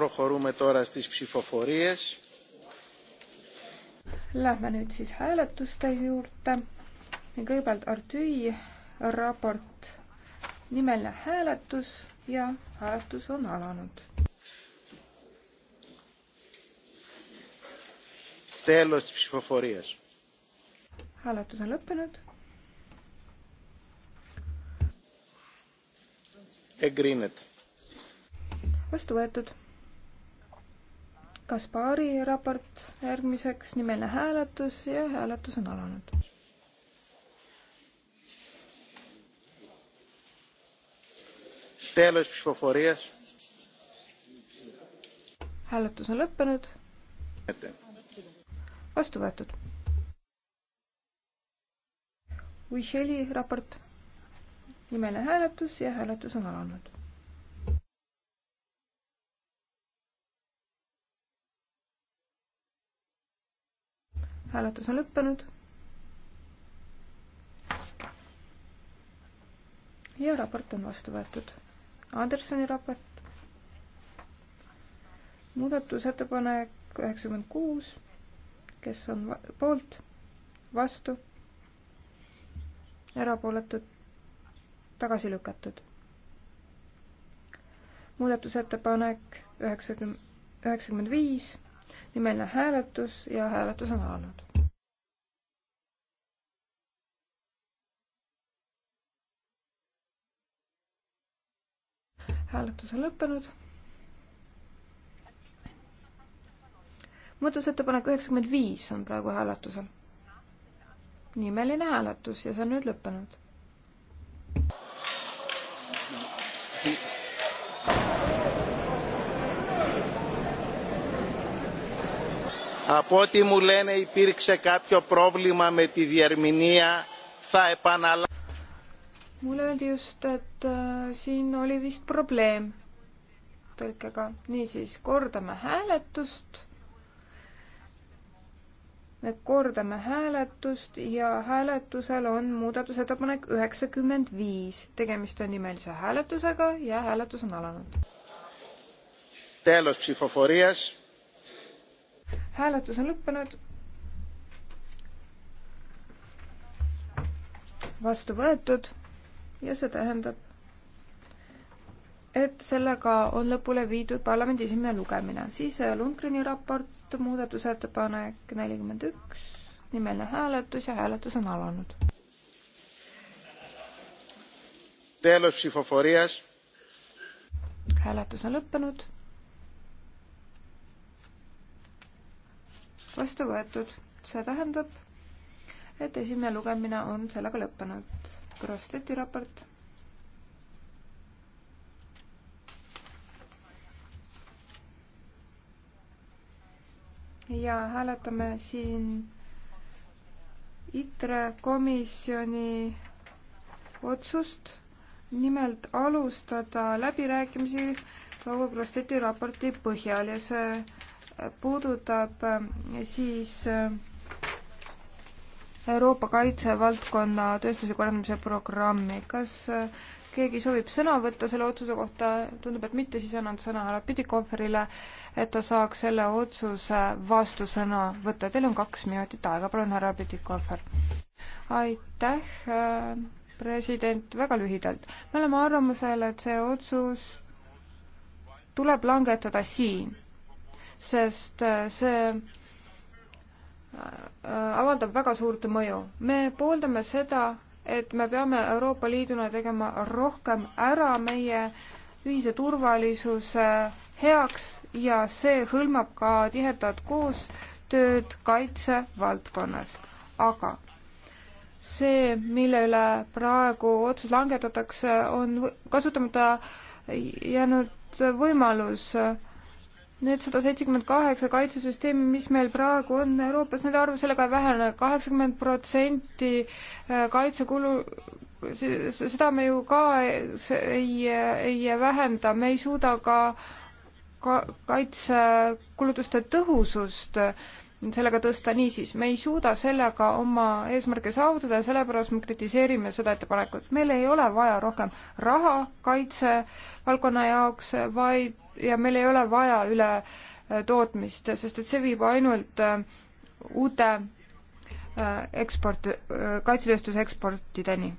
Prohorούμε τώρα στις ψηφοφορίες. Lähme nüüd siis hääletuste juurde. Kõigepealt Artüi raport nimeline hääletus ja hääletus on alanud. Τέλος της ψηφοφορίας. Hääletus on lõppenud. Εγκρίνεται. Vastu võetud. Kaspari raport järgmiseks, nimeline hääletus ja hääletus on alanud. hääletus on lõppenud. vastu võetud. Uisheli raport, nimeline hääletus ja hääletus on alanud hääletus on lõppenud. ja raport on vastu võetud. Andersoni raport. muudatusettepanek üheksakümmend kuus, kes on va poolt, vastu, erapooletud, tagasi lükatud. muudatusettepanek üheksakümmend, üheksakümmend viis nimeline hääletus ja hääletus on alanud. hääletus on lõppenud. muudatusettepanek üheksakümmend viis on praegu hääletusel. nimeline hääletus ja see on nüüd lõppenud. Από ό,τι μου λένε υπήρξε κάποιο πρόβλημα με τη διερμηνία. Θα επαναλάβω. Mulle öeldi just, et äh, siin oli vist probleem tõlkega. Niisiis, kordame hääletust. Me kordame hääletust ja hääletusel on muudatusettepanek 95. Tegemist on nimelise hääletusega ja hääletus on alanud. Τέλος ψηφοφορίας hääletus on lõppenud. vastu võetud ja see tähendab, et sellega on lõpule viidud parlamendi esimene lugemine, siis Lundgreni raport, muudatusettepanek nelikümmend üks, nimeline hääletus ja hääletus on alanud. hääletus on lõppenud vastu võetud. see tähendab, et esimene lugemine on sellega lõppenud. Grossteti raport. ja hääletame siin ITRE komisjoni otsust nimelt alustada läbirääkimisi proua Grossteti raporti põhjal ja see puudutab äh, siis äh, Euroopa kaitsevaldkonna tööstusliku arendamise programmi. kas äh, keegi soovib sõna võtta selle otsuse kohta, tundub, et mitte, siis annan sõna härra Pidikohverile, et ta saaks selle otsuse vastusõna võtta. Teil on kaks minutit aega, palun, härra Pidikohver. aitäh, president, väga lühidalt. me oleme arvamusel, et see otsus tuleb langetada siin sest äh, see äh, avaldab väga suurt mõju. me pooldame seda, et me peame Euroopa Liiduna tegema rohkem ära meie ühise turvalisuse heaks ja see hõlmab ka tihedat koostööd kaitsevaldkonnas. aga see, mille üle praegu otsus langetatakse, on kasutamata jäänud võimalus äh, Need sada seitsekümmend kaheksa kaitsesüsteemi, mis meil praegu on Euroopas, nende arv sellega ei vähene, kaheksakümmend protsenti äh, kaitsekulu, seda me ju ka ei, ei vähenda, me ei suuda ka kaitsekulutuste tõhusust äh, sellega tõsta, niisiis me ei suuda sellega oma eesmärke saavutada ja sellepärast me kritiseerime seda ettepanekut. meil ei ole vaja rohkem raha kaitsevaldkonna jaoks, vaid, ja meil ei ole vaja üle äh, tootmist, sest et see viib ainult äh, uute äh, eksport, kaitsetööstuse eksportideni.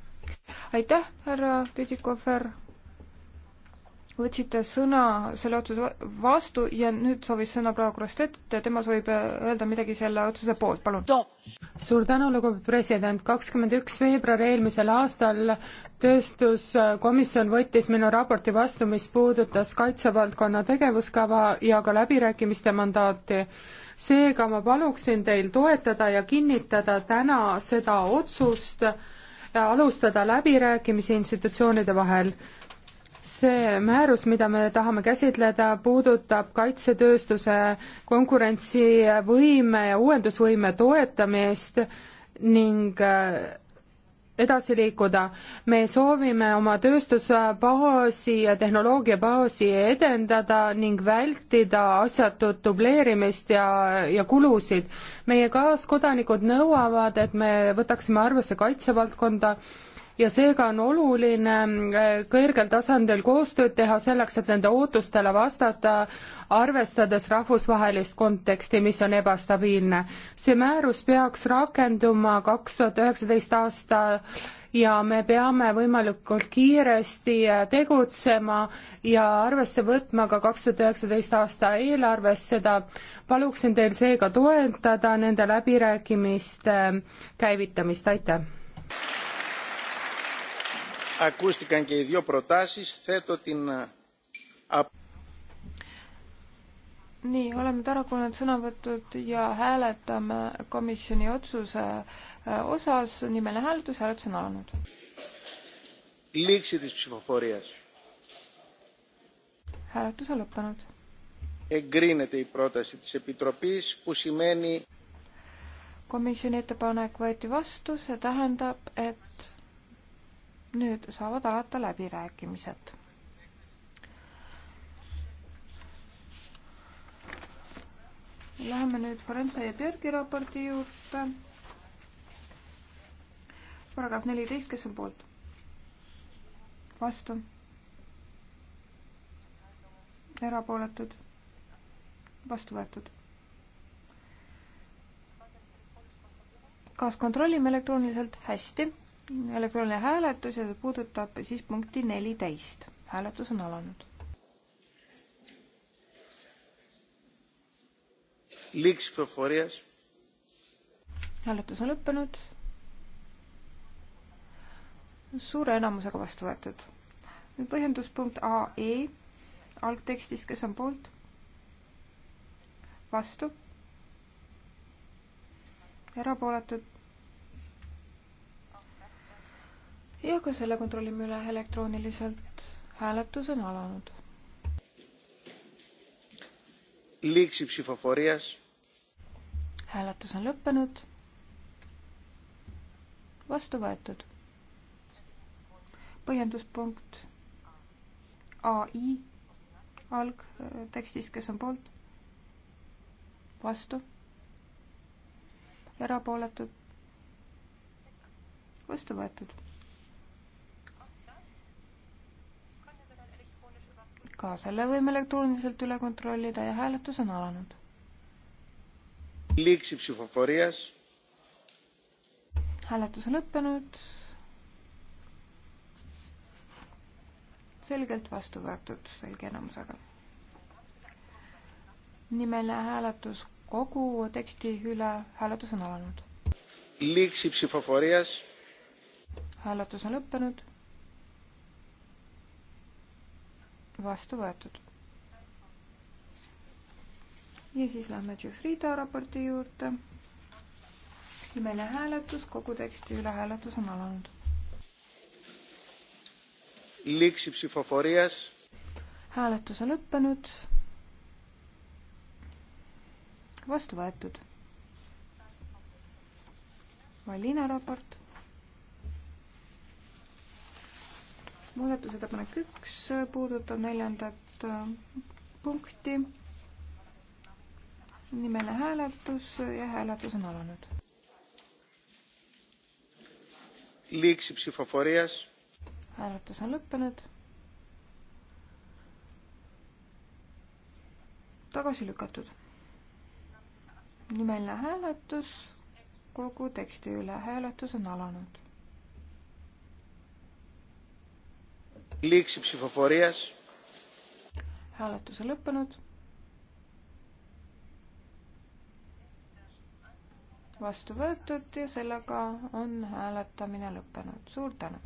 aitäh, härra Pidikofer võtsite sõna selle otsuse vastu ja nüüd soovis sõna proua Krostet, tema soovib äh, öelda midagi selle otsuse poolt, palun. suur tänu, lugupeetud president, kakskümmend üks veebruar eelmisel aastal tööstuskomisjon võttis minu raporti vastu, mis puudutas kaitsevaldkonna tegevuskava ja ka läbirääkimiste mandaati. seega ma paluksin teil toetada ja kinnitada täna seda otsust alustada läbirääkimisi institutsioonide vahel see määrus, mida me tahame käsitleda, puudutab kaitsetööstuse konkurentsivõime ja uuendusvõime toetamist ning äh, edasi liikuda. me soovime oma tööstusbaasi ja tehnoloogiabaasi edendada ning vältida asjatut dubleerimist ja, ja kulusid. meie kaaskodanikud nõuavad, et me võtaksime arvesse kaitsevaldkonda ja seega on oluline äh, kõrgel tasandil koostööd teha selleks, et nende ootustele vastata, arvestades rahvusvahelist konteksti, mis on ebastabiilne. see määrus peaks rakenduma kaks tuhat üheksateist aasta ja me peame võimalikult kiiresti äh, tegutsema ja arvesse võtma ka kaks tuhat üheksateist aasta eelarves seda. paluksin teil seega toetada nende läbirääkimiste käivitamist, aitäh! Ακούστηκαν και οι δύο προτάσεις. Θέτω την... nii, oleme täna kuulanud sõnavõtud ja hääletame komisjoni otsuse äh, osas, nimeline hääletus, hääletus on alanud. hääletus on lõppenud εγκρίνεται η πρόταση της Επιτροπής που σημαίνει Komisjoni ettepanek võeti vastu, see tähendab, et nüüd saavad alata läbirääkimised. Läheme nüüd Forensa ja Björgi raporti juurde. paragrahv neliteist, kes on poolt? vastu? erapooletud? vastu võetud? kas kontrollime elektrooniliselt? hästi elektrooniline hääletus ja see puudutab siis punkti neliteist. hääletus on alanud. hääletus on lõppenud. suure enamusega vastu võetud. põhjenduspunkt AE algtekstis, kes on poolt? vastu? erapooletud? ja ka selle kontrollime üle elektrooniliselt. hääletus on alanud. hääletus on lõppenud. vastu võetud. põhjenduspunkt ai algtekstis, kes on poolt, vastu, erapooletud, vastu võetud ka selle võime elektrooniliselt üle kontrollida ja hääletus on alanud. hääletus on lõppenud. selgelt vastu võetud selge enamusega. nimeline hääletus kogu teksti üle, hääletus on alanud. hääletus on lõppenud vastu võetud. ja siis lähme Tšufrida raporti juurde. nimeline hääletus, kogu teksti üle hääletus on alanud. hääletus on lõppenud. vastu võetud. Valina raport muudatusettepanek üks puudutab neljandat äh, punkti. nimeline hääletus ja hääletus on alanud. hääletus on lõppenud. tagasi lükatud. nimeline hääletus kogu teksti üle, hääletus on alanud hääletus on lõppenud. vastu võetud ja sellega on hääletamine lõppenud. suur tänu.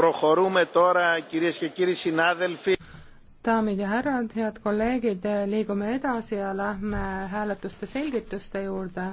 Prohorome tora, kirjas ja kirjas sinadelfi. daamid ja härrad, head kolleegid, liigume edasi ja lähme hääletuste selgituste juurde